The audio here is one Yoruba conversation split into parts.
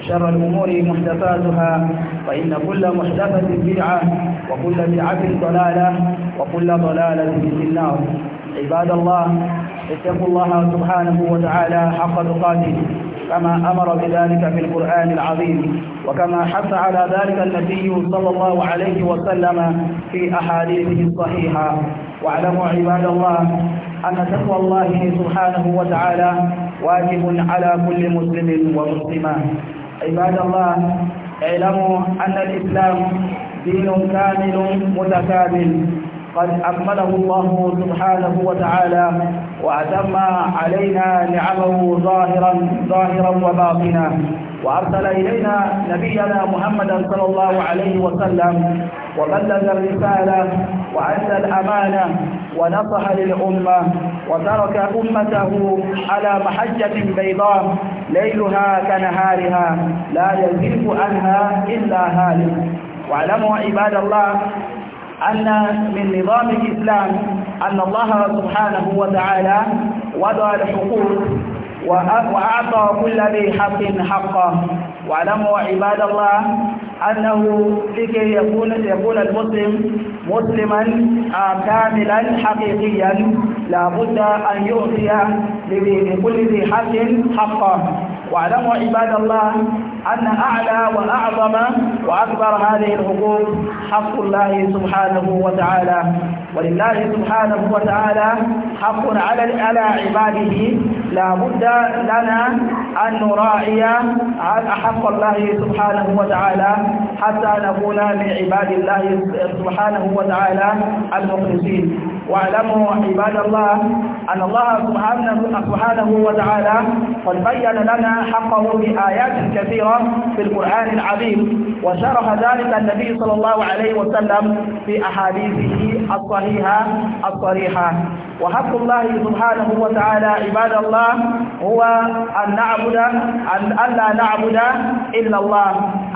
وشر الأمور محدثاتها فإن كل محدثة بدعة وكل بدعة ضلالة وكل ضلالة في النار عباد الله اتقوا الله سبحانه وتعالى حق تقاته كما أمر بذلك في القرآن العظيم وكما حث على ذلك النبي صلى الله عليه وسلم في أحاديثه الصحيحة واعلموا عباد الله أن تقوى الله سبحانه وتعالى واجب على كل مسلم ومسلمة عباد الله اعلموا أن الإسلام دين كامل متكامل قد أكمله الله سبحانه وتعالى وأتم علينا نعمه ظاهرا ظاهرا وباطنا وأرسل إلينا نبينا محمدا صلى الله عليه وسلم وبلغ الرسالة وأدى الأمانة ونصح للأمة وترك أمته على محجة بيضاء ليلها كنهارها لا يزيد عنها إلا هالك واعلموا عباد الله أن من نظام الإسلام أن الله سبحانه وتعالى وضع الحقوق وأعطى كل ذي حق حقه واعلموا عباد الله أنه لكي يكون يكون المسلم مسلما آه، كاملا حقيقيا لابد أن يعطي لكل ذي حق حقه واعلموا عباد الله أن أعلى وأعظم وأكبر هذه الحقوق حق الله سبحانه وتعالى ولله سبحانه وتعالى حق على على عباده لابد لنا أن نراعي حق الله سبحانه وتعالى حتى نكون من عباد الله سبحانه وتعالى المخلصين واعلموا عباد الله أن الله سبحانه وتعالى قد بين لنا حقه بآيات كثيرة في القرآن العظيم وشرح ذلك النبي صلى الله عليه وسلم في أحاديثه الصحيحة الصريحة وحق الله سبحانه وتعالى عباد الله هو أن نعبد أن ألا نعبد إلا الله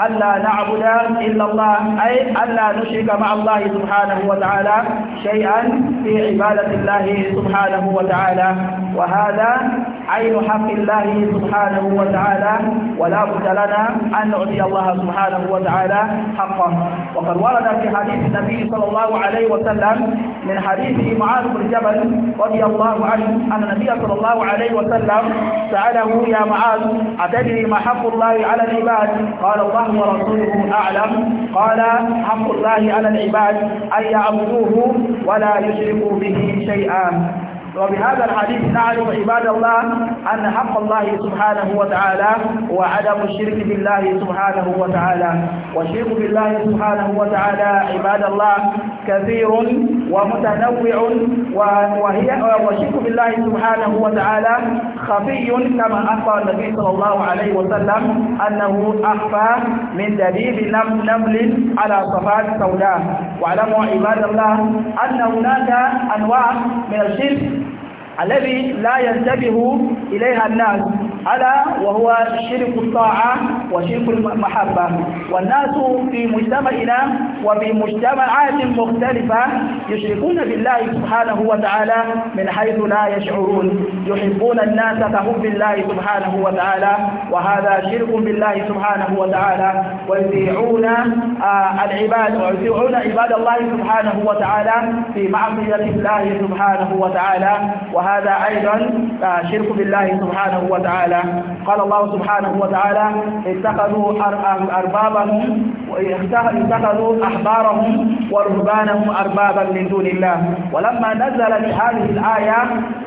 ألا نعبد إلا الله أي ألا نشرك مع الله سبحانه وتعالى شيئا في عبادة الله سبحانه وتعالى وهذا عين حق الله سبحانه وتعالى ولا بد لنا أن نعطي الله سبحانه وتعالى حقه وقد ورد في حديث النبي صلى الله عليه وسلم من حديث معاذ بن جبل رضي الله عنه أن النبي صلى الله عليه وسلم سأله يا معاذ أتدري ما حق الله على العباد قال الله ورسوله أعلم قال حق الله على العباد أن يعبدوه ولا يشركوا به شيئا وبهذا الحديث نعلم عباد الله أن حق الله سبحانه وتعالى هو عدم الشرك بالله سبحانه وتعالى والشرك بالله سبحانه وتعالى عباد الله كثير ومتنوع وهي والشرك بالله سبحانه وتعالى خفي كما أخبر النبي صلى الله عليه وسلم أنه أخفى من دليل نمل على صفات سوداء واعلموا عباد الله أن هناك أنواع من الشرك الذي لا ينتبه إليها الناس ألا وهو شرك الطاعة وشرك المحبة والناس في مجتمعنا وفي مجتمعات مختلفة يشركون بالله سبحانه وتعالى من حيث لا يشعرون يحبون الناس كحب الله سبحانه وتعالى وهذا شرك بالله سبحانه وتعالى ويطيعون آه، العباد ويطيعون عباد الله سبحانه وتعالى في معصية الله سبحانه وتعالى وهذا أيضا آه، شرك بالله سبحانه وتعالى قال الله سبحانه وتعالى اتخذوا أربابهم اتخذوا أحبارهم ورهبانهم أربابا من دون الله ولما نزلت هذه الآية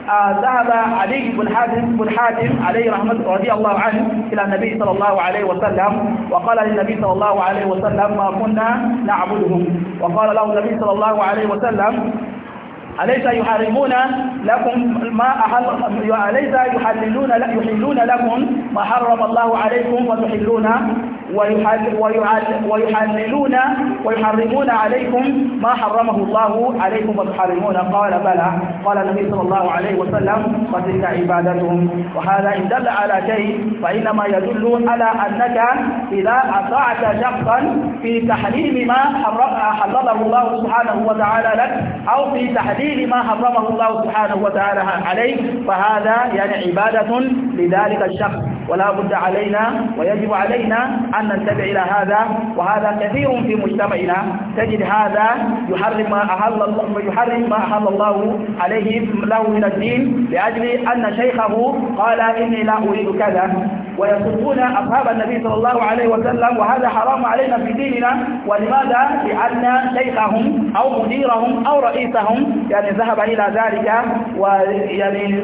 آه، ذهب علي بن حاتم بن حاتم عليه رحمة رضي الله عنه إلى النبي صلى الله عليه وسلم وقال للنبي صلى الله عليه وسلم ما كنا نعبدهم وقال له النبي صلى الله عليه وسلم أليس يحرمون لكم ما أحل أليس يحللون يحلون لكم ما حرم الله عليكم وتحلون ويحللون ويحرمون عليكم ما حرمه الله عليكم وتحرمون قال بلى قال النبي صلى الله عليه وسلم وتلك عبادتهم وهذا إن دل على شيء فإنما يدل على أنك إذا أطعت شخصا في تحريم ما حرمه الله سبحانه وتعالى لك أو في تحريم تحليل ما حرمه الله سبحانه وتعالى عليه فهذا يعني عبادة لذلك الشخص ولا بد علينا ويجب علينا أن ننتبه إلى هذا وهذا كثير في مجتمعنا تجد هذا يحرم ما أحل الله يحرم ما أحل الله عليه له من الدين لأجل أن شيخه قال إني لا أريد كذا ويصفون أصحاب النبي صلى الله عليه وسلم وهذا حرام علينا في ديننا ولماذا؟ لأن شيخهم أو مديرهم أو رئيسهم يعني ذهب إلى ذلك ويعني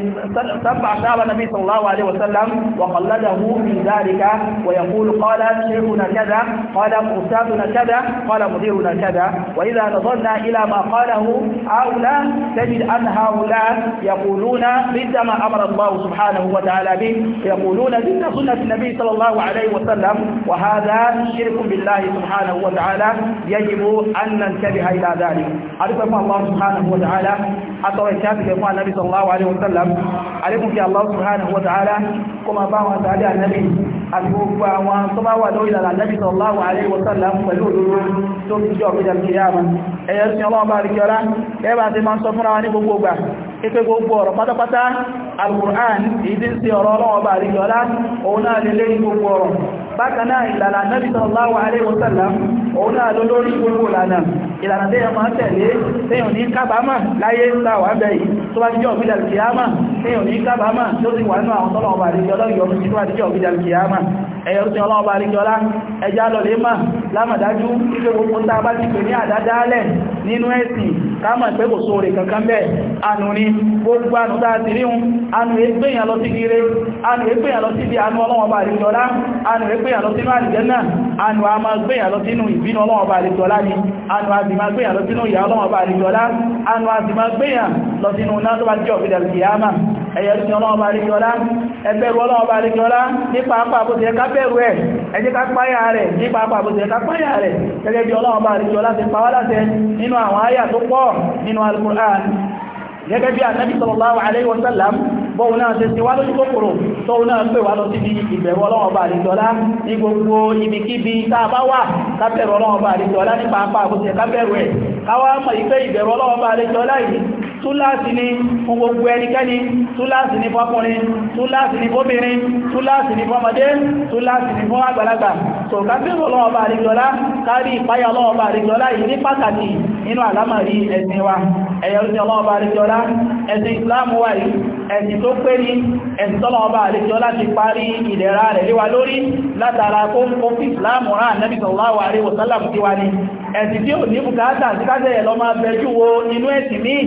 سب أصحاب النبي صلى الله عليه وسلم وقال أورده من ذلك ويقول قال شيخنا كذا قال أستاذنا كذا قال مديرنا كذا وإذا نظرنا إلى ما قاله هؤلاء تجد أن هؤلاء يقولون ضد ما أمر الله سبحانه وتعالى به يقولون ضد سنة النبي صلى الله عليه وسلم وهذا شرك بالله سبحانه وتعالى يجب أن ننتبه إلى ذلك أرسل الله سبحانه وتعالى أتوى الشافي النبي صلى الله عليه وسلم عليكم في الله سبحانه وتعالى كما باوى sàádé ànábì àti gbogbo àwọn tó bá wà lórí ìlànà ànábì sallallahu alaihi wasallam pẹ̀lú òdòdó tó fi jọ ọ̀gbẹ́jà kìí àmà ẹ̀yẹ́ sí ọlọ́ọ̀bá àríkẹ́ọ́lá ẹ ipe gbogbo ọ̀rọ̀ pátápátá al-Qur'an ìdí sí ọ̀rọ̀ ọlọ́wọ́ bá rí yọlá òun náà lè lé gbogbo ọ̀rọ̀ bákanáà ìlànà Nabi sallallahu alaihi wasallam òun náà ló lórí gbogbo ìlànà ìlànà tí ẹmọ tẹ̀lé tíyàn ní kábàámà láyé láwà bẹ̀ yìí tó bá díjọ́ òbídà kìíyàmà tíyàn ní kábàámà tó sì wà nínú àwọn tọ́lọ̀ọ̀bà àríkíọlá yọ̀mí tó bá díjọ́ òbídà kìíyàmà ẹ̀yọ̀ tí ọlọ́ọ̀bà àríkíọlá ẹjá lọ lè máa lámàdájú ilé gbogbo tá a bá ti pè ní àdádálẹ̀ nínú ẹ̀sìn káàmà pé kò sóòrè kankan bẹ́ẹ̀ anù ni gbogbo anù tàà ti ríhun anù ẹgbẹ̀yàn lọ sí ire anù ẹgbẹ̀yàn lọ sí ibi anù ọlọ́wọ̀ba àríjọlá anù ẹgbẹ̀yàn lọ sínú àlìjẹ́nà anù a máa gbẹ̀yàn lọ sínú ìbínú ọlọ́wọ̀ba àríjọlá ni anù a sì máa gbẹ̀yàn lọ sínú ìyà ọlọ́wọ̀ba àríjọlá anù a sì máa gbẹ̀yàn lọ sínú náà tó bá jẹ́ ọ̀gbẹ̀dẹ̀ ẹ̀yẹ̀rú ni ọlọ́ọ̀bá àríkíọlá ẹgbẹ̀rú ọlọ́ọ̀bá àríkíọlá nípa apá àbúté ká bẹ̀rù ẹ̀ ẹjẹ́ ká páyà rẹ̀ nípa apá àbúté ká páyà rẹ̀ gẹ́gẹ́ bí ọlọ́ọ̀bá àríkíọlá ti pa wá láṣẹ nínú àwọn àyà tó pọ̀ nínú Al-Qur'an gẹ́gẹ́ bí ànábì sallallahu alaihi wasallam bọ́wọ́ náà ṣe ti wá lójú kòkòrò tó náà pè wá lọ síbi ìbẹ̀rù ọlọ́wọ́ bá àríjọlá ní gbogbo ibikíbi táa bá wà kábẹ̀rù ọlọ́wọ́ bá àríjọlá nípa túláàsì ni fún gbogbo ẹnikẹ́ni túláàsì ni fọ́kùnrin túláàsì ni fóbìnrin túláàsì ni fọ́mọdé túláàsì ni fún àgbàlagbà tó kásìrò lọ́wọ́bà àrígbọ́lá kárí ìpáyà lọ́wọ́bà àrígbọ́lá yìí ní pàtàkì nínú àlámàrí ẹ̀sìn wa ẹ̀yọ̀rún ọlọ́ọ̀bà àrígbọ́lá ẹ̀sìn ìsìláàmù wà yìí ẹ̀sìn tó pé ní ẹ̀sìn tọ́lọ́ọ̀bà àrígbọ́lá ti parí ìdẹ̀ra rẹ̀ léwa lórí látara kó ń kó fi tí ò ní bùkátà sí kájẹ̀ lọ máa wo inú ẹ̀sìn míì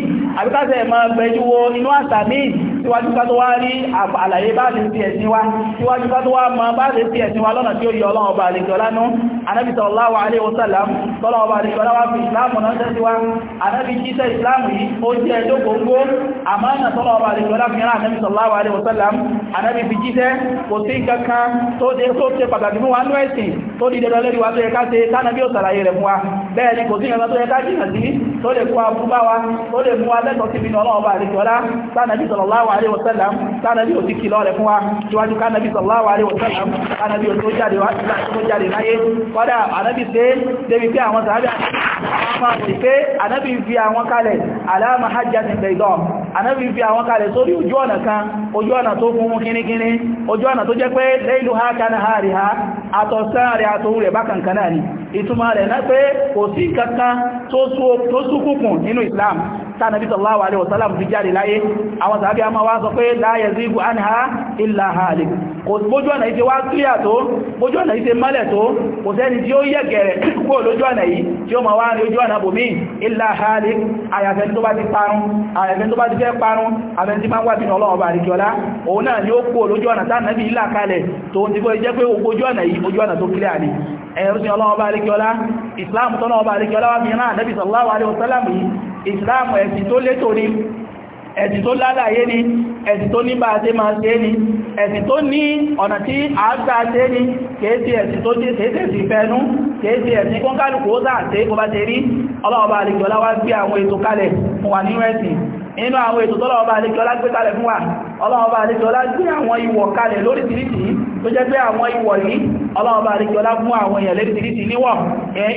àbíkásẹ̀ máa gbẹjúwo inú àṣà míì síwájú ká tó wá rí àlàyé bá lè fi ẹ̀sìn wa síwájú ká tó wá mọ bá lè fi ẹ̀sìn wa lọ́nà tí ó yọ ọlọ́run ọba àlejò wa anábì jíṣẹ́ ìsìláàmù yìí ó jẹ́ ẹjọ́ gbogbo àmánà tọ́lọ́run ọba àlejò ọlá fi rán anábì sallallahu alaihi wasallam anábì fi jíṣẹ́ kò sí kankan tó dé tó ṣe pàtàkì fún wa nú ẹ̀sìn tó di dandan tó lè kó abúbá tó lè mú wa sí ibi ní ọlọ́run ọba àlejò ọlá alayhi wa sallam tánàbí ò ti kìlọ̀ rẹ̀ fún wa síwájú kánàbí sallallahu alayhi wa sallam kánàbí ò tó jáde wá tó jáde láyé kọ́dà ànábì pé débi pé àwọn sàábì àmà sí pé ànábì fi àwọn kalẹ̀ aláàmà hajjati bayda ànábì fi àwọn kalẹ̀ sórí ojú ọ̀nà kan ojú ọ̀nà tó fún kíníkíní ojú ọ̀nà tó jẹ́ pé layluha kanahariha àtọ̀sán rẹ̀ àtòrú tánàbí sallallahu alaihi wasallam fi jáde láyé àwọn sàábí a máa wá sọ pé la yazigu anha illa halik kò bójú ọ̀nà ìṣe wá kíyà tó bójú ọ̀nà ìṣe mọ́lẹ̀ tó kò sẹ́ni tí ó yẹ gẹ̀rẹ̀ kúrò lójú ọ̀nà yìí tí ó ma wá ní ojú ọ̀nà bòmí illa halik àyàfẹ́ tó bá ti parun àyàfẹ́ tó bá ti fẹ́ parun àfẹ́ tí máa wà sínú ọlọ́run bá àríkíọlá òun náà ni ó kúrò lójú ọ̀nà tánàbí ìlà kalẹ̀ tó ti bó jẹ́ pé ojú ọ̀nà yìí ojú ọ̀nà tó kílẹ̀ àní ẹ̀rùsìn ọlọ́ọ̀bá alékiọlá islam tọ́lọ́ọ̀bá alékiọlá wà mìíràn ànábì sallallahu alaihi wasallam yìí islam ẹ̀sìn tó létò ní ẹ̀sìn tó lálàyé ní ẹ̀sìn tó ní bá ṣe máa ṣe ní ẹ̀sìn tó ní ọ̀nà tí a ń gbà ṣe ní kéèsì ẹ̀sìn tó jẹ́ kéèsì fẹ́nu kéèsì ẹ̀sìn kọ́nkálùkù ó sáà tẹ́ kó bá ṣe rí ọlọ́ọ̀bá alékiọlá wá gbé àwọn ètò kalẹ̀ fún wa nínú ẹ̀sìn inú àwọn ètò tọ́lọ́ọ̀bá alékiọlá gbé kalẹ̀ fún wa ọlọ́ọ̀bá alékiọlá gbé àwọn ìwọ̀ kalẹ̀ lóríṣiríṣi tó jẹ́ pé àwọn ìwọ̀ yìí ọlọ́ọ̀bá àríkọlá fún àwọn èèyàn lérí tìrí ti níwọ̀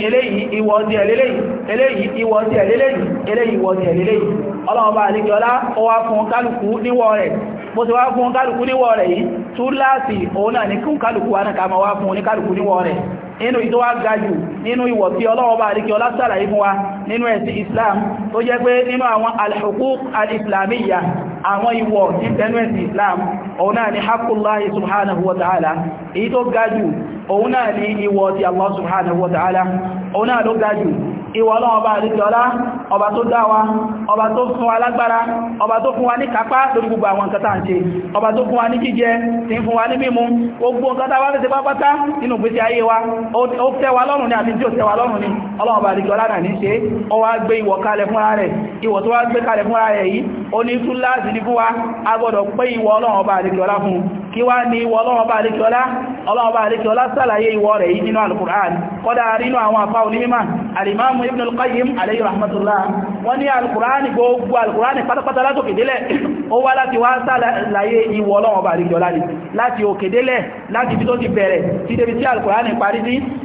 eléyìí ìwọ̀ ti ẹ̀lélẹ́yìí eléyìí ìwọ̀ ti ẹ̀lélẹ́yìí eléyìí ìwọ̀ ti ẹ̀lélẹ́yìí ọlọ́ọ̀bá àríkọlá ó wá fún kálùkù níwọ̀ rẹ̀ bó ti wá fún kálùkù níwọ̀ rẹ̀ yìí túláàsì òun náà ní kún kálùkù wá náà ká máa wá fún oníkálùkù níwọ̀ rẹ̀ nínú ìtọ́ agajù nínú ìwọ̀ tí ọlọ́wọ́ bá àríkẹ́ ọlásàlàyé wa nínú ẹ̀sìn Islam tó jẹ́ pé nínú àwọn al àwọn ìwọ̀ ní tẹ́nu ẹ̀sìn Islam ọ̀nà ni haqullahi subhanahu wa ta'ala èyí tó gájù òun náà ni ìwọ̀ ti Allah subhanahu wa ta'ala òun náà ló gájù ìwọ̀ ọlọ́run ọba àríkẹ́ọlá ọba tó dáwa wa ọba tó fún alagbara, ọba tó fún wa ní kápá lórí gbogbo àwọn nǹkan ọba tó fún wa ní jíjẹ tí wa ní wá fẹ́ pápátá nínú wa ó lọ́rùn ní náà ní ṣe ó wá gbé ìwọ̀ kalẹ̀ fúnra rẹ̀ ọlọ́ọ̀bá àríkẹ́ ọlá sàlàyé ìwọ rẹ̀ yìí nínú al-Qur'an kọ́dá rínú àwọn afá onímọ̀ alimamu ibn al-qayyim alayhi rahmatullah wọ́n ní al-Qur'an gbogbo al-Qur'an pátápátá látò kèdélẹ̀ ó wá láti wá sàlàyé ìwọ ọlọ́ọ̀bá àríkẹ́ ọlá láti òkèdélẹ̀ láti ibi tó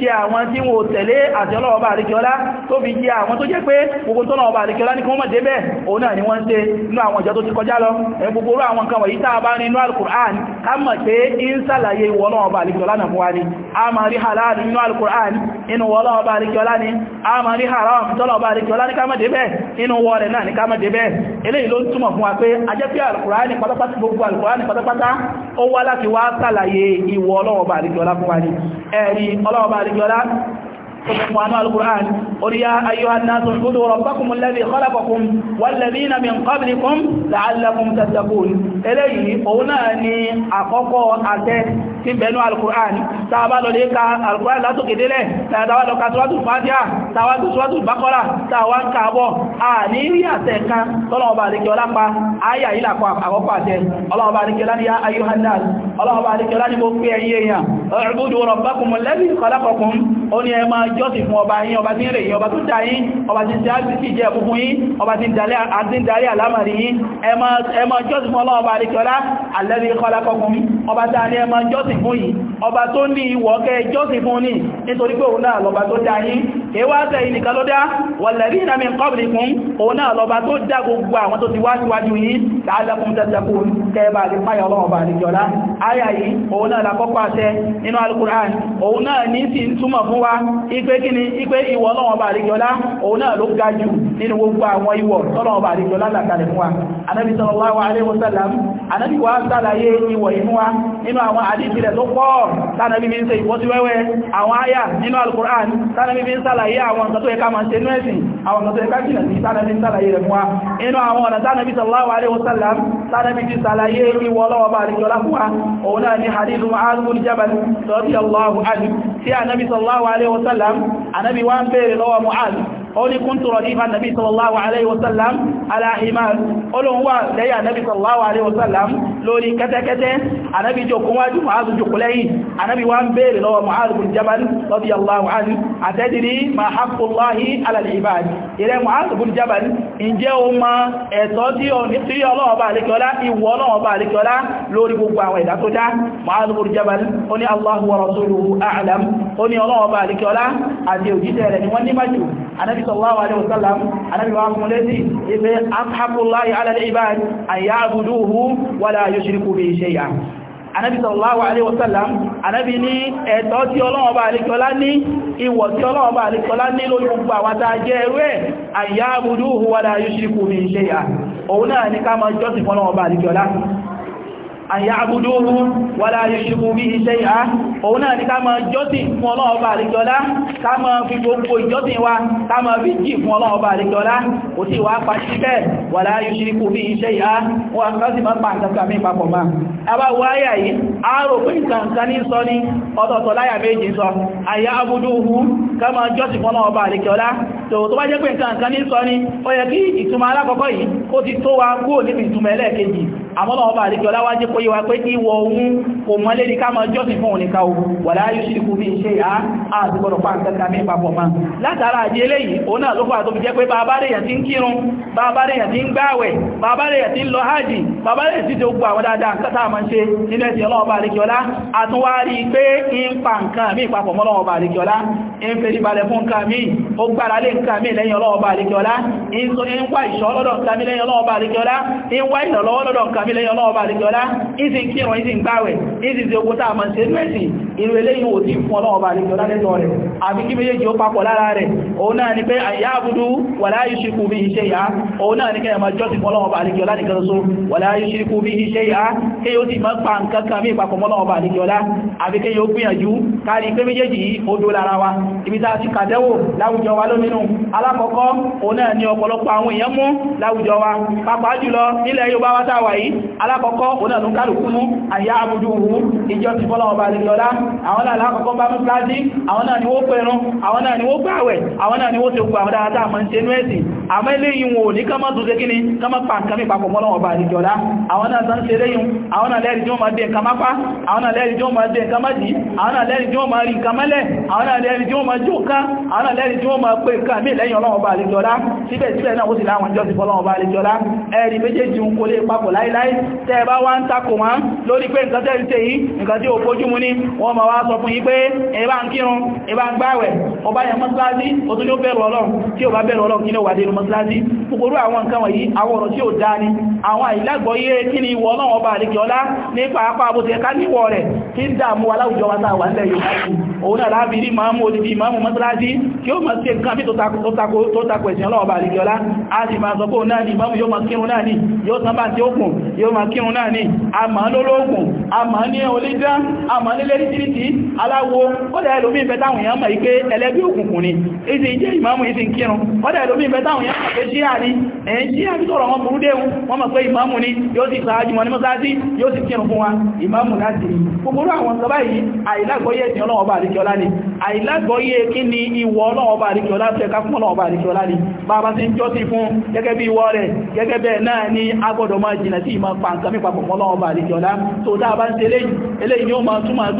jẹ àwọn tí wọ́n tẹ̀lé àti ọlọ́ọ̀bá àríkíọlá tó fi jẹ àwọn tó jẹ́ pé gbogbo tó lọ́ọ̀bá àríkíọlá ní kí débẹ̀ òun náà ni wọ́n ń ṣe inú àwọn ìjọ tó ti kọjá lọ gbogbo orú àwọn nǹkan wọ̀nyí tàà bá ní inú al-Qur'an ká mọ̀ pé ń sàlàyé ìwọ̀ ọlọ́ọ̀bá àríkíọlá náà ni a máa rí halal nínú ni a máa rí haram tọ́lọ̀ọ̀bá àríkíọlá ní ká mọ̀ débẹ̀ inú wọ́ rẹ̀ náà ní ká mọ̀ débẹ̀ eléyìí ló ń túmọ̀ fún wa pé ajẹ́ pé al-Qur'an pátápátá gbogbo al-Qur'an pátápátá ó wá àríjọlá tó fún wa al-Qur'an قل يا أيها الناس اعبدوا ربكم الذي خلقكم والذين من قبلكم لعلكم تتقون إليه قلنا أني أقوقوا أتيت tí bẹnu alkùránì tàbá lọ lè ka alkùránì látòkè délẹ̀ tàbá lọ ka tọ́wàtù fàájá tàwàtù sọ́wàtù bákọ́lá tàwà ń kààbọ̀ à ní rí àtẹ̀ kan tọ́lọ̀ọba àríkẹ́ ọlápa ayà ìlàkọ̀ àkọ́kọ́ àtẹ́ ọlọ́ọba àríkẹ́ láníyà ayuhannas ọlọ́ọba àríkẹ́ láni mo pé ẹyẹ èèyàn ọ̀rọ̀gbọ́dọ̀ rọ̀bákùnmọ̀ lẹ́bí kọlápọ̀kùn ó ní ẹ máa jọ́sìn fún ọba yín ọba tí ń rè yìí ọba tó dá yín ọba tí ń ṣe àgbìsí jẹ́ ẹ̀kùnkùn yín ọba tí ń darí àlámàrí yín ẹmọ jọ́sìn fún ọlọ́ọba àríkọlá alẹ́rí kọlákọkùn ọba tá ní ẹmọ jọ́sìn fún yìí ọba tó ní ìwọ̀kẹ́ jọ́sìn fún ní nítorí pé òun náà lọba tó dá yín kéwàá tẹ́ ìnìkan ló dá wọ̀lẹ̀rí ìrìnàmì kọ́bìnrin òun náà lọba tó dá gbogbo àwọn tó ti wá síwájú yìí láàlẹ́kùn ìwọ̀ ọlọ́wọ́ bá àríkẹ́ọlá òun náà ló ga jù nínú gbogbo àwọn ìwọ̀ tọ́lọ́wọ́ bá àríkẹ́ọlá làkàlẹ̀ fún wa anábi sallallahu alaihi wasallam anábi wa sàlàyé ìwọ̀ inú wa nínú àwọn àdíjì rẹ̀ tó pọ̀ tánàbí bí ń ṣe ìwọ́síwẹ́wẹ́ àwọn àyà nínú al-Qur'an tánàbí bí ń sàlàyé àwọn nǹkan tó yẹ ká máa ṣe nú ẹ̀sìn àwọn nǹkan tó yẹ ká jìnà sí tánàbí ń sàlàyé rẹ̀ fún wa nínú àwọn ọ̀nà tánàbí sallallahu alaihi wasallam tánàbí ti sàlàyé ìwọ̀ ọlọ́wọ́ bá àríkẹ́ọlá fún wa òun náà ومعاذ أولي كنت رديف النبي صلى الله عليه وسلم على حمار أولي هو لي النبي صلى الله عليه وسلم لولي كتا كتا النبي جو كواج معاذ جو قلعي النبي وان بير لو معاذ بن جبل رضي الله عنه أتدري ما حق الله على العباد إلى معاذ بن جبل إن جاء ما أتوتي ونقتي الله بارك ولا إيوانا بارك ولا لولي بقوا وإذا تجا معاذ بن جبل أني الله ورسوله أعلم أني الله بارك ولا أتيو جيسي لأني واني مجو النبي sallallahu alaihi wasallam anabi wa fún lẹ́sí ife afhaqullahi ala al-ibad an ya'buduhu wa la yushriku bihi shay'an anabi sallallahu alaihi wasallam anabi ní ẹ̀tọ́ tí Ọlọ́run ba alikọla ní ìwọ̀ tí Ọlọ́run ba alikọla ní lórí gbogbo àwọn tá jẹ́ ẹrú ẹ̀ an ya'buduhu wa la yushriku bihi shay'an òun náà ní ká máa jọ́sìn fọ́lọ́wọ́ bá àríkẹ́ ọlá an ya'buduhu wa la yushriku bihi shay'an òun náà ni ká máa jọ́sìn fún ọlọ́ọ̀bà àríkọlá ká máa fi gbogbo ìjọ́sìn wa ká máa fi jì fún ọlọ́ọ̀bà àríkọlá kò sí wá pàṣí bẹ́ẹ̀ wa la yushriku bihi shay'an wọ́n kásì máa pa àtàkà mí papọ̀ máa abá wáyà yìí a rò pé ìtànkan ní sọ ní ọ̀tọ̀ọ̀tọ̀ láyà méjì sọ an ya'buduhu ká máa jọ́sìn fún ọlọ́ọ̀bà àríkọlá tó tó bá jẹ́ pé ìtànkan kó yíwa pé ìwọ̀ ohun kò mọ́lé ní ká máa jọ́sìn fún òníká o wà láyé ṣíkú bí iṣẹ́ ìhá àti gbọ́dọ̀ pa nǹkan kan ní papọ̀ máa látara àjẹ́ eléyìí òun náà ló fà tó fi jẹ́ pé bàbá rèyàn ti ń kírun bàbá rèyàn ti ń gbáwẹ̀ bàbá rèyàn ti ń lọ hajj bàbá rèyàn ti tó gbà àwọn dáadáa nǹkan tá a máa ń ṣe nínú ẹ̀sìn ọlọ́ọ̀bà àríkíọlá àtúnwárí pé ń pa nǹkan mí lẹ́yìn ọlọ́ọ̀bà àríkíọlá ń ìsìn kírun ìsìn gbáwẹ̀ ìsìn tí ogun tàà mọ̀ sí ẹ̀sìn irú eléyìn wò tí fún ọlọ́wọ́ bá lẹ́jọ́ lálẹ́tọ̀ rẹ̀ àbí kí méjèèjì ó papọ̀ lára rẹ̀ òun náà ni pé àyà àbúdú wà láyé ṣíkú bí iṣẹ́ ìyá òun náà ni kẹ́ ẹ̀mọ̀ jọ́sìn fún ọlọ́wọ́ bá lẹ́jọ́ lánìkan so wà láyé ṣíkú bí iṣẹ́ ìyá kí yóò ti máa pa nǹkan kan mí ìpapọ̀ mọ́lọ́wọ́ bá lẹ́jọ́ lá àbí kí yóò gbìyànjú kárí pé méjèèjì yìí ó dó lára wa ibi tá a ti kàdẹ́wò láwùjọ wa lóminú alákọ̀ọ́kọ́ òun náà ni ọ̀pọ̀lọpọ̀ àwọn èèyàn mú láwùjọ wa pàápàá jùlọ nílẹ̀ Yorùbá wá táwà yìí alákọ̀ọ́kọ́ òun náà ló kálùkú mú àyà àbúdú ìjọ ti fọ́lọ́wọ́ bá lẹ́jọ́ lá àwọn náà lákọ̀ọ́kọ́ bá mú plastic àwọn náà ni wó pẹ̀rún àwọn náà ni wó gbàwẹ̀ àwọn náà ni wó tẹ́gbà àwọn dáadáa mọ́ ṣe nẹ́ẹ̀sì àmọ́ eléyìn wọn ò ní kọ́mọ́ tó ṣe kí ni kọ́mọ́ pa nǹkan mìí papọ̀ mọ́lọ́wọ́ bá àdìjọ́lá àwọn náà tán ṣe léyìn àwọn náà lẹ́rìí tí wọ́n máa dé nǹkan mápá àwọn náà lẹ́rìí tí wọ́n máa dé nǹkan májì àwọn náà ò fojú mu ni wọ́n ọmọ wa sọ fún yí pé ẹ̀bá ń kírun ẹ̀bá ń gbáwẹ̀ ọba yẹn mọ́síláàsì ó tún yóò bẹ̀rù ọlọ́run tí ó bá bẹ̀rù ọlọ́run kí ní wà dénú mọ́síláàsì gbogbo àwọn nǹkan wọ̀nyí àwọn ọ̀rọ̀ tí ó dá ní àwọn àìlágbọ́yé kí ni wa táà wà nílẹ̀ Yorùbá òun náà láàbí rí máa mú odidi ìmáàmù mọ́síláàsì tí ó máa ṣe nǹkan bí tó takò ẹ̀sìn ọlọ́ọ̀bà àríkẹ́ọlá a sì máa sọ pé òun náà ni ìmáàmù yóò máa kírun náà ni oríṣiríṣi aláwo ọ̀dà ẹlòmí ìfẹ́ táwọn èèyàn mọ̀ wípé ẹlẹ́gbẹ́ òkùnkùn ni ìsìn jẹ́ ìmáàmù ìsìn kírun ọ̀dà ẹlòmí ìfẹ́ táwọn èèyàn mọ̀ pé ṣíà ni ẹ̀yìn ṣíà bí sọ̀rọ̀ wọn burú déhun wọ́n mọ̀ pé ìmáàmù ni yóò ti sáájú wọn ní mọ́sáájú yóò ti kírun fún wa ìmáàmù láti rí gbogbo àwọn nǹkan báyìí àìlágbọ́yé ẹ̀sìn ọlọ́wọ́ bá àríkíọlá ni àìlágbọ́yé kí ni ìwọ ọlọ́wọ́ bá àríkíọlá fẹ́ ká fún ọlọ́wọ́ bá àríkíọlá ni bàbá ti ń jọ́ sí fún gẹ́gẹ́ bí ìwọ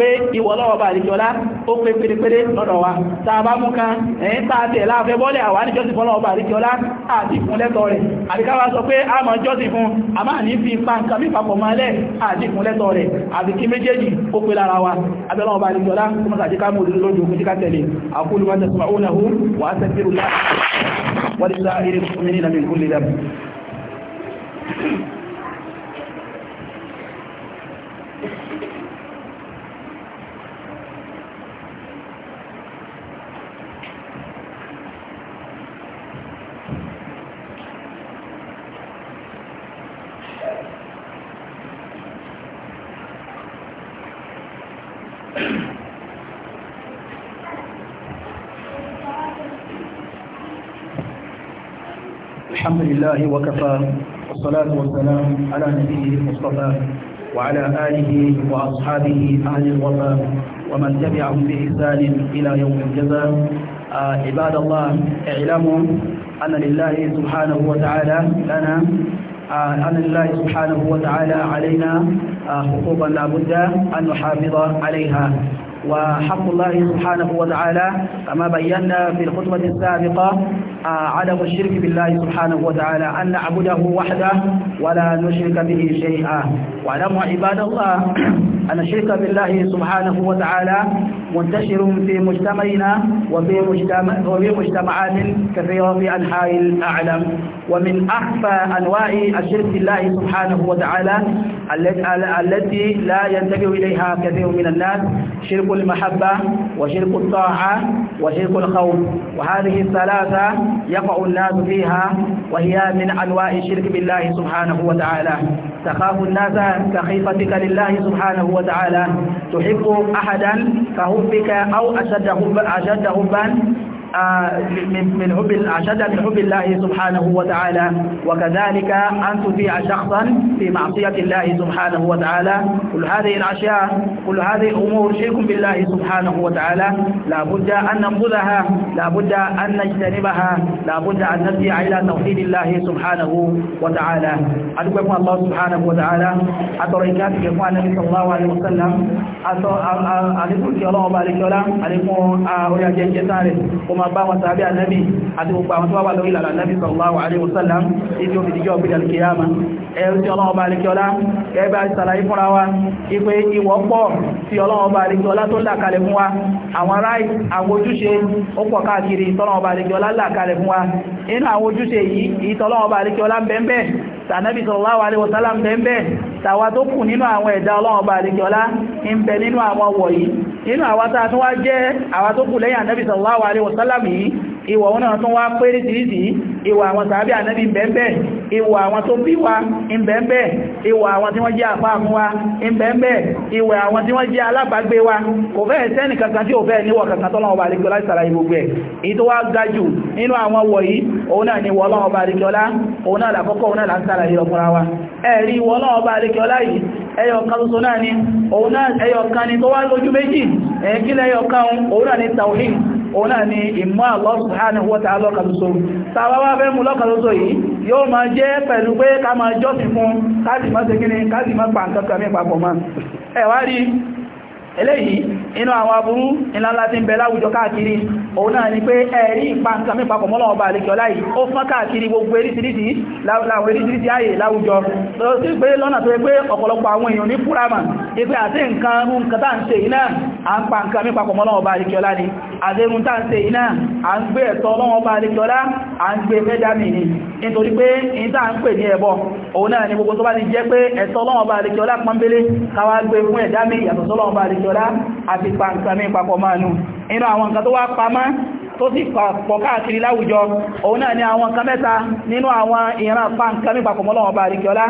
rẹ̀ ìwọ lọ́wọ́ bá àríjọlá ó pé pérépéré lọ́dọ̀ wa tá a bá mú kan ẹ̀yìn tá a tẹ̀ láàfẹ́ bọ́lẹ̀ àwọn àríjọsìn fọ́lọ́wọ́ bá àríjọlá àti ìfúnlẹ́tọ̀ rẹ̀ àríkáwá sọ pé a mọ̀ jọ́sìn fún a máa ní fi pa nǹkan mí papọ̀ máa lẹ̀ àti ìfúnlẹ́tọ̀ rẹ̀ àti kí méjèèjì ó pé lára wa abẹ́lọ́wọ́ bá àríjọlá kó mọ́ sàjíká mú òdúró lójú òkú jíká tẹ̀lé àkúlù wọn tẹ̀sùn àwọn òun wà á tẹ̀síru láti wọ́n ti sá eré mùsùlùmí nínú mi الحمد لله وكفى والصلاة والسلام على نبيه المصطفى وعلى آله وأصحابه أهل الوفاء ومن تبعهم بإحسان إلى يوم الجزاء آه، عباد الله اعلموا أن لله سبحانه وتعالى لنا آه، أن الله سبحانه وتعالى علينا آه، حقوقا لا لابد أن نحافظ عليها وحق الله سبحانه وتعالى كما بينا في الخطبة السابقة عدم الشرك بالله سبحانه وتعالى أن نعبده وحده ولا نشرك به شيئا واعلموا عباد الله أن الشرك بالله سبحانه وتعالى منتشر في مجتمعنا وفي مجتمع وفي مجتمعات كثيرة في أنحاء العالم ومن أخفى أنواع الشرك بالله سبحانه وتعالى التي لا ينتبه إليها كثير من الناس شرك المحبة وشرك الطاعة وشرك الخوف وهذه الثلاثة يقع الناس فيها وهي من أنواع الشرك بالله سبحانه وتعالى تخاف الناس كخيفتك لله سبحانه وتعالى تحب أحدا فهبك أو أشد أشد حبا من حب اشد من حب الله سبحانه وتعالى وكذلك أن تطيع شخصا في معصية الله سبحانه وتعالى كل هذه الأشياء كل هذه الأمور شرك بالله سبحانه وتعالى لا بد أن ننقذها لا بد أن نجتنبها لا بد أن نرجع إلى توحيد الله سبحانه وتعالى أدعوكم الله سبحانه وتعالى أتريكاتك يقول النبي صلى الله عليه وسلم أتريكم الله عليك ولا عليكم أولئك جنجتان وما máa bá wọn tàbí ànábì àti gbogbo àwọn tó wà lórí ìlànà ànábì sallallahu alaihi wasallam ìjọ fìdíjọ́ ògbìdà kìyàmà ẹ̀rù tí ọlọ́wọ́ bá alikiola ẹgbẹ́ àṣàlàyé fúnra wa ipé ìwọ̀ pọ̀ tí ọlọ́wọ́ bá alikiola tó làkalẹ̀ fún wa àwọn ráì àwọn ojúṣe ó pọ̀ káàkiri tàwa tó kù nínú àwọn ẹ̀dá ọlọ́run ọba àdíkẹ́ọlá ń bẹ nínú àwọn wọ̀nyí nínú àwa tá wá jẹ́ àwa lẹ́yìn ànábì sallallahu yìí ìwọ̀ wọn náà tún wá pé rítìrítì ìwọ̀ àwọn tàbí ànábì bẹ́ẹ̀bẹ́ ìwọ̀ àwọn tó bí wa ìbẹ̀ẹ̀bẹ́ ìwọ̀ àwọn tí wọ́n jẹ́ àpá fún wa ìbẹ̀ẹ̀bẹ́ ìwọ̀ àwọn tí wọ́n jẹ́ alábàágbé wa kò fẹ́ sẹ́nì kankan tí ò fẹ́ níwọ̀ kankan tọ́lọ́ ọba àríkẹ́ láti sàlàyé gbogbo ẹ̀ èyí wá ga jù nínú àwọn wọ̀nyí òun náà ni wọ́lọ́ ọba àríkẹ́ ọlá òun náà làkọ́kọ́ òun náà láti sàlàyé ọkùnra wa ẹ̀rí wọ́lọ́ ọba àríkẹ́ ọlá yìí ẹyọkan tó náà ni òun náà ẹyọkan ni tó wá lójú méjì ẹ̀kílẹ̀ ẹyọkan òun náà ni tàwíìn òun ni ìmọ̀ Allah subhanahu wa ta'ala lọ́kàtúnṣò tàbá wá fẹ́ mú lọ́kàtúnṣò yìí yóò máa jẹ́ pẹ̀lú pé ká máa jọ́sìn fún káàdì má ṣe káàdì má pa nǹkan kan mí papọ̀ eléyìí inú àwọn aburú ìlànlá tí ń bẹ láwùjọ káàkiri òun náà ni pé ẹ̀rí ipa nǹkan mípa pọ̀ mọ́lọ̀ ọba àlejò láì ó fán káàkiri gbogbo eríṣiríṣi láwọn eríṣiríṣi ààyè láwùjọ tó sì pé lọ́nà tó yẹ pé ọ̀pọ̀lọpọ̀ àwọn èèyàn ní fúramà ipe àti nǹkan nǹkan tá ń ṣe iná à ń pa nǹkan mípa pọ̀ mọ́lọ̀ ọba àlejò lá ni àdéhun tá ń ṣe iná ni nítorí pé in tá ń pè ní ẹbọ òun náà ni gbogbo tó bá ti jẹ́ pé ẹ̀tọ́ ọlọ́wọ́ ọba àlejò lá pọ́nbélé káwá gbé fún ẹ̀dámì yàtọ̀ sọ́lọ́wọ́ ọba àlejò àríkẹ́lọ́lá àti pa nǹkan ní papọ̀ máa nù inú àwọn nǹkan tó wá pamá tó sì pọ̀ káàkiri láwùjọ òun náà ni àwọn nǹkan mẹ́ta nínú àwọn ìran pa nǹkan ní papọ̀ mọ́lọ́wọ́ bá àríkẹ́ọlá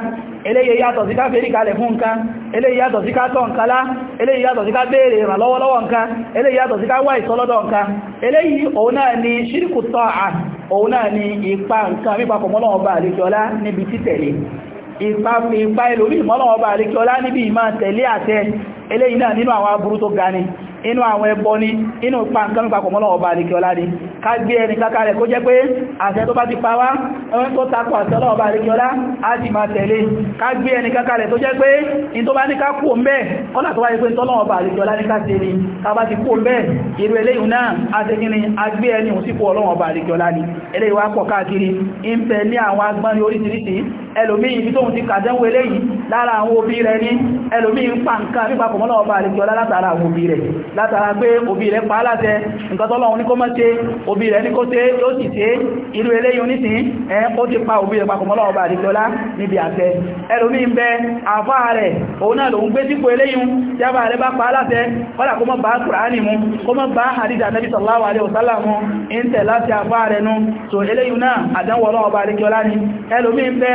eléyẹ yàtọ̀ sí ká fèrí kalẹ̀ fún nǹkan eléyẹ yàtọ̀ sí ká tọ́ nǹkan lá eléyẹ yàtọ̀ sí ká béèrè ìrànlọ́wọ́lọ́wọ́ nǹkan eléyẹ yàtọ̀ sí ká wà ìsọlọ́dọ̀ nǹkan eléyìí òun náà ni ṣíríkù tọ́ à òun náà ni ipa nǹkan mípapọ̀ mọ́lọ́wọ́ bá àríkẹ́ọlá níbi títẹ̀lé ìpa ìlòrí ìmọ́lọ́wọ́ bá àríkí ọlá níbi ìmá tẹ̀lé àtẹ́ eléyìí náà nínú àwọn aburú tó ga ni inú àwọn ẹbọ ni inú pa nǹkan nípa pọ̀mọ́lọ́wọ́ bá àríkí ọlá ni ká gbé ẹni kákà rẹ̀ kó jẹ́ pé àṣẹ tó bá ti pa wá ẹwọ́n tó takò àṣẹ ọlọ́wọ́ bá àríkí ọlá á ti máa tẹ̀lé ká gbé ẹni kákà rẹ̀ tó jẹ́ pé in tó bá ní ká kú mbẹ́ kọ́nà tó wáyé pé tọ́lọ́wọ́ bá àríkí ọlá ẹlòmí ibi tóhun ti kàdánwò eléyìí lára àwọn òbí rẹ̀ ní ẹlòmí ń pa nǹkan nípa kọmọ́lá ọba àlejò ọlá látara àwọn òbí rẹ̀ látara pé òbí rẹ̀ pa aláṣẹ nǹkan tọ́lọ́run ní kó mọ́ ṣe òbí rẹ̀ ní kó ṣe yóò sì ṣe irú eléyìí onísìn ẹ ó ti pa òbí rẹ̀ pa kọmọ́lá ọba àlejò ọlá níbi àṣẹ ẹlòmí ń bẹ àfá rẹ̀ òun náà lòun gbé sípò eléyìí tí a bá rẹ̀ bá pa aláṣẹ kọ́lá kó mọ́ bá kùránì mu kó mọ́ bá àdídà nẹ́bí sallallahu alaihi wasallam ń tẹ̀ láti àfá rẹ̀ nu so eléyìí náà àdánwò ọlọ́ọ̀bá àlejò ọlá ni ẹlòmí ń bẹ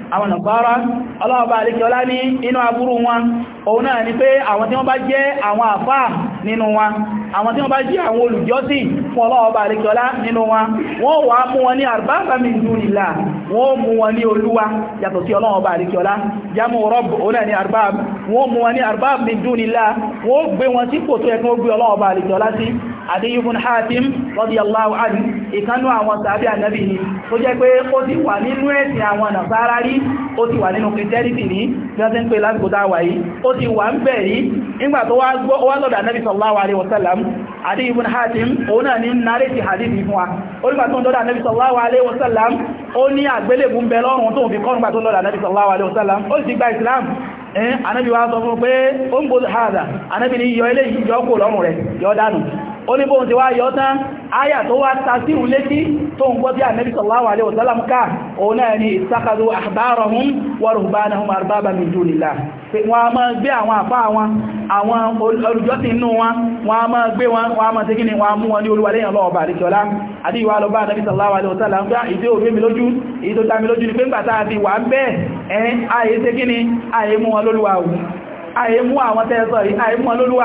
àwọn nàbára ọlọ́ọ̀bá àríkẹ́ọlá ní inú agbúrú wọn òun náà ni pé àwọn tí wọ́n bá jẹ́ àwọn àfáà nínú wọn àwọn tí wọ́n bá jẹ́ àwọn olùjọ́sìn fún ọlọ́ọ̀bá àríkẹ́ọlá nínú wọn wọ́n wà mú wọn ní arbaba min dunillah wọ́n mú wọn ní olúwa yàtọ̀ sí ọlọ́ọ̀bá àríkẹ́ọlá jamu rob òun náà ni arbab wọ́n mú wọn ní arbab min dunillah wọ́n gbé wọn sí kò tó yẹ kí wọ́n gbé ọlọ́ọ̀bá àríkẹ́ọlá sí adéyíkún hatim radiyallahu anhu ìkanú àwọn tàbí ànábì ni tó jẹ́ pé ó ti wà nínú ẹ̀sìn àwọn nàfàárárí ó ti wà nínú kìtẹ́rìtì ní gẹ́gẹ́ pé lásìkò dáwà yìí ó ti wà ń bẹ̀ rí nígbà tó wá lọ́dà Nabi sallallahu alaihi wasallam Adi ibn Hatim òun náà ní nárètì hadith fún wa ó nígbà tó ń dọ́dà Nabi sallallahu alaihi wasallam ó ní àgbélébù ń bẹ lọ́rùn tó ń fi kọ́ nígbà tó ń dọ́dà Nabi sallallahu alaihi wasallam ó sì gba Islam eh Ànábì wa sọ fún pé ó ń gbóhádà Ànábì ní yọ eléyìí yọ kò lọ́rùn rẹ̀ ó ní bóhun ti wá yọ tán áyà tó wá ta sí ìrùn létí tó ń gbọ́ bí Ànábì sallallahu alaihi wasallam ká òun náà ni ittakhadhu ahbarahum wa ruhbanahum arbaban min dunillah wọ́n a máa gbé àwọn àfá wọn àwọn olùjọ́sìn inú wọn wọ́n a máa gbé wọn wọ́n a máa tẹ́kí ni wọ́n a mú wọn ní olúwa lẹ́yìn bá Ànábì sallallahu alaihi wasallam ń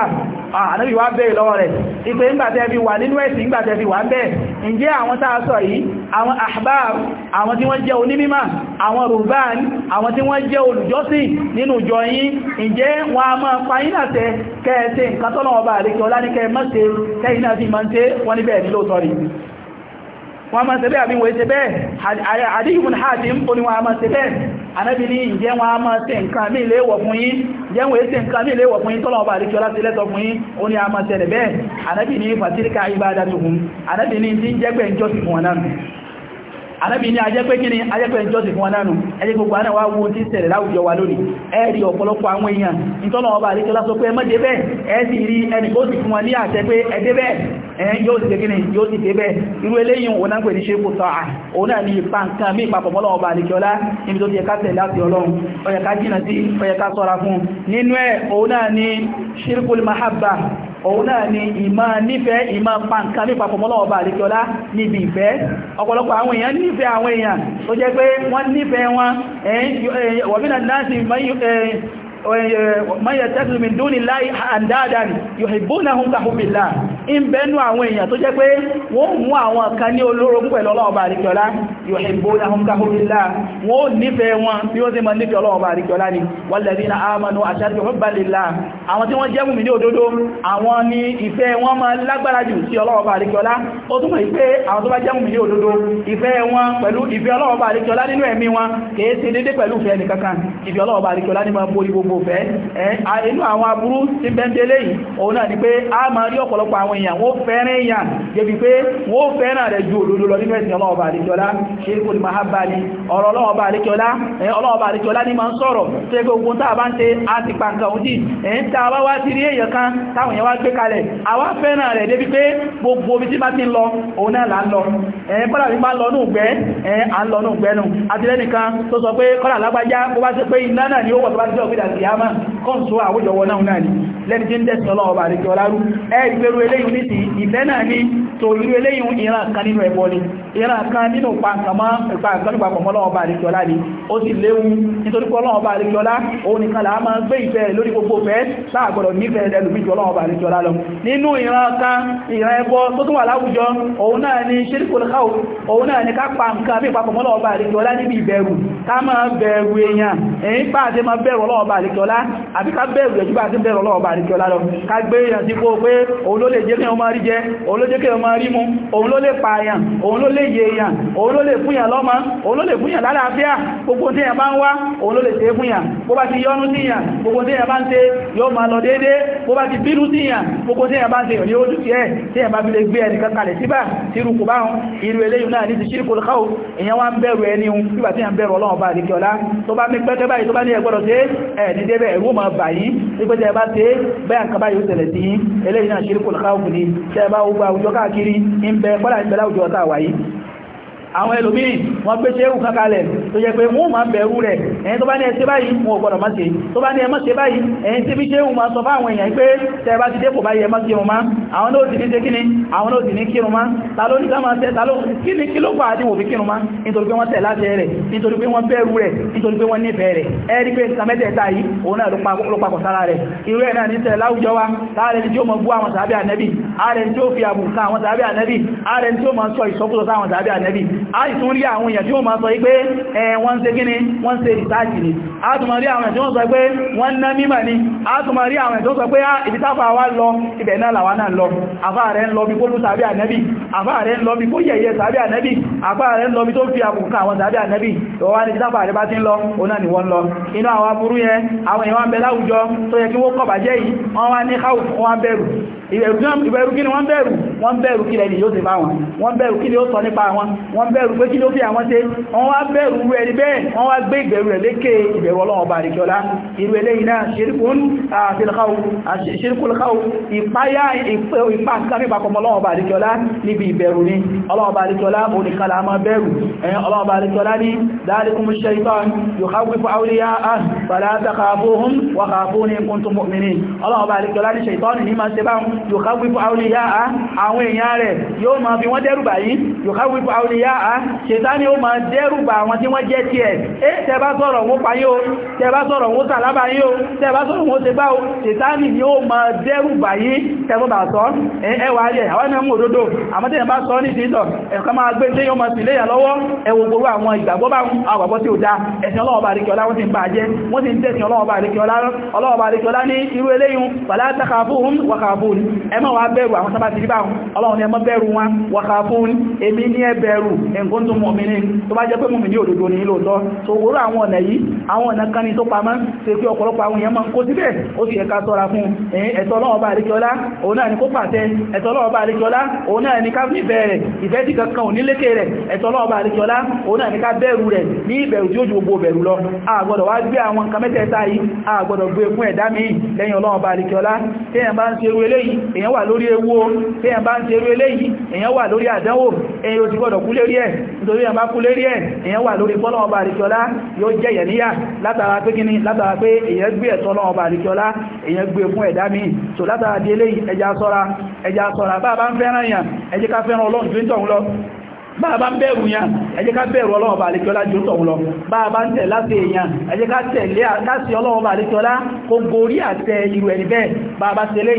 Ah, ànábì wá bẹ́ẹ̀ lọ́wọ́ rẹ̀ ipé ńgbàtẹ́ fi wà nínú ẹ̀sìn ńgbàtẹ́ fi wà ń bẹ́ẹ̀ ǹjẹ́ àwọn tàà sọ yìí àwọn ahbab àwọn tí wọ́n jẹ́ onímímà àwọn rùbán àwọn tí wọ́n jẹ́ olùjọ́sìn nínú ìjọ yín ǹjẹ́ wọ́n a máa fayínà tẹ kẹ́ẹ̀ẹ́sẹ̀ nǹkan tọ́lọ́wọ́ bá àríkẹ́ ọlá ní kẹ́ẹ̀ mọ́ wọ́n máa ṣe bẹ́ẹ̀ àbí wọ́n ṣe bẹ́ẹ̀ àdíhùn hàtìm ó ní wọ́n máa ṣe bẹ́ẹ̀ anábi ní ìjẹ́ wọn a máa ṣe nǹkan mí léèwọ̀ fún yín jẹ́ wọ́n ṣe nǹkan mí léèwọ̀ fún yín tọ́lọ̀ ọba àríkẹ́ ọlá sílẹ́tọ̀ fún yín ó ní a máa ṣẹlẹ̀ bẹ́ẹ̀ anábi fàtíríkà ibádatuhum anábi ní ti ń jẹ́gbẹ̀ ìjọsìn wọn náà arábì ní ajẹ́ pé kí ni ajẹ́ pé ìjọ́sìn fún wa ẹjẹ́ gbogbo àná wá wo tí ṣẹlẹ̀ láwùjọ wa lónìí ẹ̀rí ọ̀pọ̀lọpọ̀ àwọn èèyàn ìtọ́nà ọba àríkẹ́ lásọ pé mọ́dé bẹ́ẹ̀ ẹ sì rí ẹni kó sì fún wa ní àṣẹ pé ẹdẹ́ bẹ́ẹ̀ ẹ̀yìn yóò sì gẹ́gẹ́ yóò sì dé bẹ́ẹ̀ irú eléyìn òun náà pè ní ṣe kò sọ́à òun náà ní ipa nǹkan mí ìpapọ̀ mọ́lọ́ ọba àríkẹ́ọlá níbi ṣírkùl mahabba òun náà ni ìmá nífẹ̀ẹ́ ìmá pàǹkan ní papọ̀mọ́lọ́ọ̀bà àríkọlá níbi ìfẹ́ ọ̀pọ̀lọpọ̀ àwọn èèyàn nífẹ̀ẹ́ àwọn èèyàn tó jẹ́ pé wọ́n nífẹ̀ẹ́ wọn man yattakhidhu min dunillahi andadan yuhibbunahum kahubbillah ń bẹ́nu àwọn èèyàn tó jẹ́ pé wọ́n mú àwọn kan ní olórogún pẹ̀lú ọlọ́ọ̀bà àríkọlá yuhibbunahum kahubbillah wọ́n nífẹ̀ẹ́ wọn bí wọ́n ti mọ̀ nífẹ̀ẹ́ ọlọ́ọ̀bà àríkọlá ni wọ́n jẹ́ ní òdodo fẹ́ inú àwọn aburú tí bẹ́ndélé yìí òun náà ni pé a máa rí ọ̀pọ̀lọpọ̀ àwọn èèyàn wọ́n fẹ́ràn èèyàn débi pé wọ́n fẹ́ràn rẹ̀ ju òdodo lọ nínú ẹ̀sìn ọlọ́ọ̀bà àdékọ́lá ṣe kò ní máa bá ní ọ̀rọ̀ ọlọ́ọ̀bà àdékọ́lá ọlọ́ọ̀bà àdékọ́lá ní máa ń sọ̀rọ̀ tó ẹgbẹ́ ogun tá tá a bá wá ti rí èèyàn kan táwọn èèyàn wá gbé kalẹ̀ àwa fẹ́ràn rẹ̀ débi pé gbogbo omi tí bá ti ń lọ òun náà là ń lọ ẹ̀yìn kọ́lá mi máa ń lọ ní ògbẹ́ ẹ̀yìn à ń lọ ní ògbẹ́ nù àtìlẹ́nìkan tó sọ kìyàmá kọ́n tó àwójọwọ́ náà náà ni lẹ́ni tí ń dẹ̀sùn ọlọ́ọ̀bà àríkẹ́ ọlárú ẹ̀rì pẹ̀lú eléyìn ní ti ìfẹ́ náà ni tó irú eléyìn ìran kan nínú ẹbọ ni ìran kan nínú pàǹkàmá ìpàǹkàmọ́ ọlọ́ọ̀bà àríkẹ́ ọlá ni ó sì léwu nítorí pé ọlọ́ọ̀bà àríkẹ́ ọlá òun nìkan là á máa gbé ìfẹ́ lórí gbogbo fẹ́ sáàgbọ̀dọ̀ nífẹ̀ẹ́ ẹlùmí jù ọlọ́ọ̀bà kan ìran ẹbọ tó tún wà láwùjọ òun ni ṣeríkò lọ́wọ́ òun náà ni ká pa nǹkan bí ìpapọ̀ mọ́lọ́ọ̀bà àríkẹ́ ọlá níbi ìbẹ̀rù ká máa bẹ̀rù èèyàn èyí pàtẹ́ máa bẹ̀rù ọlọ́ọ̀bà àríkíọlá àti ká bẹ̀rù ẹ̀jú bá ti bẹ̀rù ọlọ́ọ̀bá àríkíọlá lọ ká gbé èèyàn sí pé pé òun ló lè jẹ́ kí ọmọ rí jẹ òun ló jẹ́ kí ọmọ rí mu òun ló lè pa èèyàn òun ló lè yẹ èèyàn òun ló lè fúnyàn lọ́mọ òun ló lè fúnyàn lálàáfíà gbogbo tí èèyàn bá ń wá òun ló lè ṣe fúnyàn bó bá ti yọnu sí èèyàn gbogbo tí èèyàn bá ń ṣe yóò máa lọ déédé bó bá ti bínú sí gbogbo tí èèyàn bá ń ṣe òní ojú sí ẹ̀ tí èèyàn bá fi lè gbé ẹnìkan kalẹ̀ síbà tí irú kò bá hun irú eléyìí náà ní ti ṣírí kòlùkà ò èèyàn wá ń bẹ̀rù ẹni hun nígbà tí èèyàn bẹ̀rù ọlọ́run bá àdékẹ́ọlá tó bá mi pẹ́kẹ́ ní débẹ̀ ẹ̀rú ma bà yí wípé tẹ́ bá ṣe bẹ́ẹ̀ nǹkan báyìí ó tẹ̀lẹ̀ sí eléyìí náà ṣe kò lọ́kàwùn ní tẹ́ bá ó gba àwùjọ káàkiri ń bẹ kọ́lá ń bẹ láwùjọ ọ̀tá wáyìí àwọn ẹlòmíì wọ́n gbé ṣe éhù kankalẹ̀ tó jẹ́ pé wọ́n máa bẹ̀rù rẹ̀ ẹ̀yìn tó bá ní ẹ ṣe báyìí wọn ò gbọ́dọ̀ má ṣe tó bá ní ẹ má ṣe báyìí ẹ̀yìn tí bí ṣe éhù máa sọ fáwọn èèyàn pé tẹ́ bá ti dépò báyìí ẹ má kírun má àwọn náà ti ní ṣe kíni àwọn náà ti ní kírun má ta ló ní sáma tẹ ta ló kí ni kí ló fà á tí wò fi kírun má nítorí pé wọ́n tẹ̀ láti rẹ̀ nítorí pé a ìtún rí àwọn èèyàn tí ó máa sọ wípé wọ́n ṣe gíní wọ́n ṣe ìsáàjì ni a tún máa rí àwọn tí wọ́n sọ pé wọ́n ná mímọ̀ ni a tún máa rí àwọn tí ó sọ pé ah, ibi táfà wá lọ ibẹ̀ náà làwà náà lọ àfá rẹ̀ ń lọ bí kó lú sàbí ànẹ́bì àfá rẹ̀ ń lọ bí kó yẹ̀yẹ sàbí ànẹ́bì àfá rẹ̀ ń lọ bí tó fi àkùnkà àwọn sàbí ànẹ́bì tó wá ní ti táfà rẹ̀ bá ti ń lọ òun náà ni wọ́n lọ inú àwọn aburú yẹn àwọn èèyàn wọ́n bẹ láwùjọ tó yẹ kí wọ́n kọ̀bàjẹ́ yìí wọ́n wá ní káwù wọ́n bẹ̀rù ìbẹ̀rù kí ni wọ́n bẹ̀rù wọ́n bẹ̀rù kí lẹ́ni yóò ti bá wọn wọ́n bẹ̀rù kí ni ó sọ nípa wọn wọ́n bẹ̀rù pé kí ló fi àwọn ṣe wọ́n wá bẹ̀rù rú ẹni bẹ́ẹ̀ wọ́n wá gbé ìbẹ̀rù rẹ̀ lékè ìbẹ̀rù ọlọ́run ọba àríkíọlá irú eléyìí náà ṣerúkúlùkáwù ìpáyà ìpá kárí papọ̀mọ́ ọlọ́run ọba àríkíọlá níbi ìbẹ̀rù ni ọlọ́run ọba àríkíọlá oníkàlà máa bẹ̀rù ọlọ́run ọba àríkíọlá ní dáríkùn ṣẹ́ìtàn yóò káwífù áwúlíyá àà fàlá tàkàfóhùn wà kàfóhùn ní kúntùn àwọn èèyàn rẹ̀ yóò máa fi wọ́n dẹ́rù báyìí yóò káwífù áwúlíyá àá ṣètánì ó máa dẹ́rùbà àwọn tí wọ́n jẹ́ tí ẹ̀ ẹ́ tẹ́bá sọ̀rọ̀ wọ́n payó tẹ́bá sọ̀rọ̀ wọ́n sàlábà yíó tẹ́bá sọ̀rọ̀ wọ́n ṣe gbá o ṣètánì ni ó máa dẹ́rùbà yìí tẹ́bọ́bà sọ ẹwà rẹ̀ àwọn ẹ̀mú òdodo àmọ́tẹ́yìn bá sọ ní ìdíjọ ẹ̀kọ́ máa gbé tí yóò máa sì léyà lọ́wọ́ ẹwò gbogbo àwọn ìgbàgbọ́ bá àwàgbọ́ tí ó dá ẹ̀sìn ọlọ́ọ̀bà àríkẹ́ọlá wọ́n ti ń bà jẹ́ wọ́n ti ń tẹ́sìn ọlọ́ọ̀bà àríkẹ́ọlá ní irú eléyìn pàlátàkàfún wàkàfún ẹ má wá bẹ̀rù àwọn sábà ti rí báhùn ọlọ́run ni ẹ má bẹ̀rù wọn wàkàfún èmi ní ẹ bẹ̀rù ẹ̀kọ́ tó mọ̀ mìírí tó bá jẹ́ pé mọ̀ mìírí òdòdó ní ìlòótọ́ so orú àwọn ọ̀nà yìí àwọn ọ̀nà kan ní tó pamọ́ ṣe pé ọ̀pọ̀lọpọ̀ àwọn èèyàn máa ń kó síbẹ̀ ó sì ẹ̀ka sọ́ra fún ẹ̀tọ́ ni kó pàtẹ ẹ̀tọ́ ọlọ́wọ́ bá òun náà ni ká ní ìfẹ́ rẹ̀ ìfẹ́ tí kankan ò ní lékè rẹ̀ ẹ̀tọ́ ni ká bẹ̀rù rẹ̀ ní a gbọ́dọ̀ wá gbé àwọn a gbọ́dọ̀ gbé fún ẹ̀dá mi lẹ́yìn ọlọ́wọ́ bá àríkíọlá téèyàn bá ń ṣe irú eléyìí èèyàn wà lórí ẹ̀ nítorí ẹ̀ bá kú lérí ẹ̀ èyàn wà lórí fọ́lọ́wọ́ bá àríkíọlá yóò jẹ́ yẹ̀ níyà látara pé kíní látara pé èyàn gbé ẹ̀tọ́ lọ́wọ́ àríkíọlá èyàn gbé fún ẹ̀dá mi so látara di eléyìí ẹja ṣọ́ra ẹja ṣọ́ra bá bá ń fẹ́ràn bàbá ń bẹ̀rù yàn ẹ jẹ́ ká bẹ̀rù ọlọ́ọ̀bà àríkọlá jù tọ̀hún lọ bàbá ń tẹ̀ láti èèyàn ẹ jẹ́ ká tẹ̀lé láti ọlọ́ọ̀bà àríkọlá kó gorí àtẹ irú ẹni bẹ́ẹ̀ bàbá tẹ́lẹ̀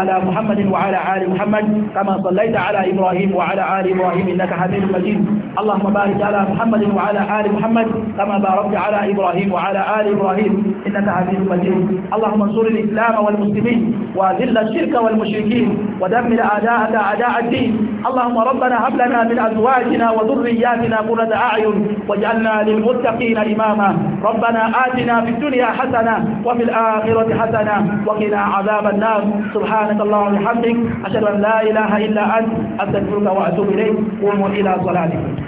على محمد وعلى آل محمد كما صليت على إبراهيم وعلى آل إبراهيم إنك حميد مجيد اللهم بارك على محمد وعلى آل محمد كما باركت على إبراهيم وعلى آل إبراهيم إنك حميد مجيد اللهم انصر الإسلام والمسلمين وأذل الشرك والمشركين ودمر أعداءك أعداء الدين اللهم ربنا هب لنا من أزواجنا وذرياتنا قرة أعين واجعلنا للمتقين إماما ربنا آتنا في الدنيا حسنة وفي الآخرة حسنة وقنا عذاب النار سبحانك اللهم وبحمدك أشهد أن لا إله إلا أنت أستغفرك وأتوب إليك قوموا إلى صلاتكم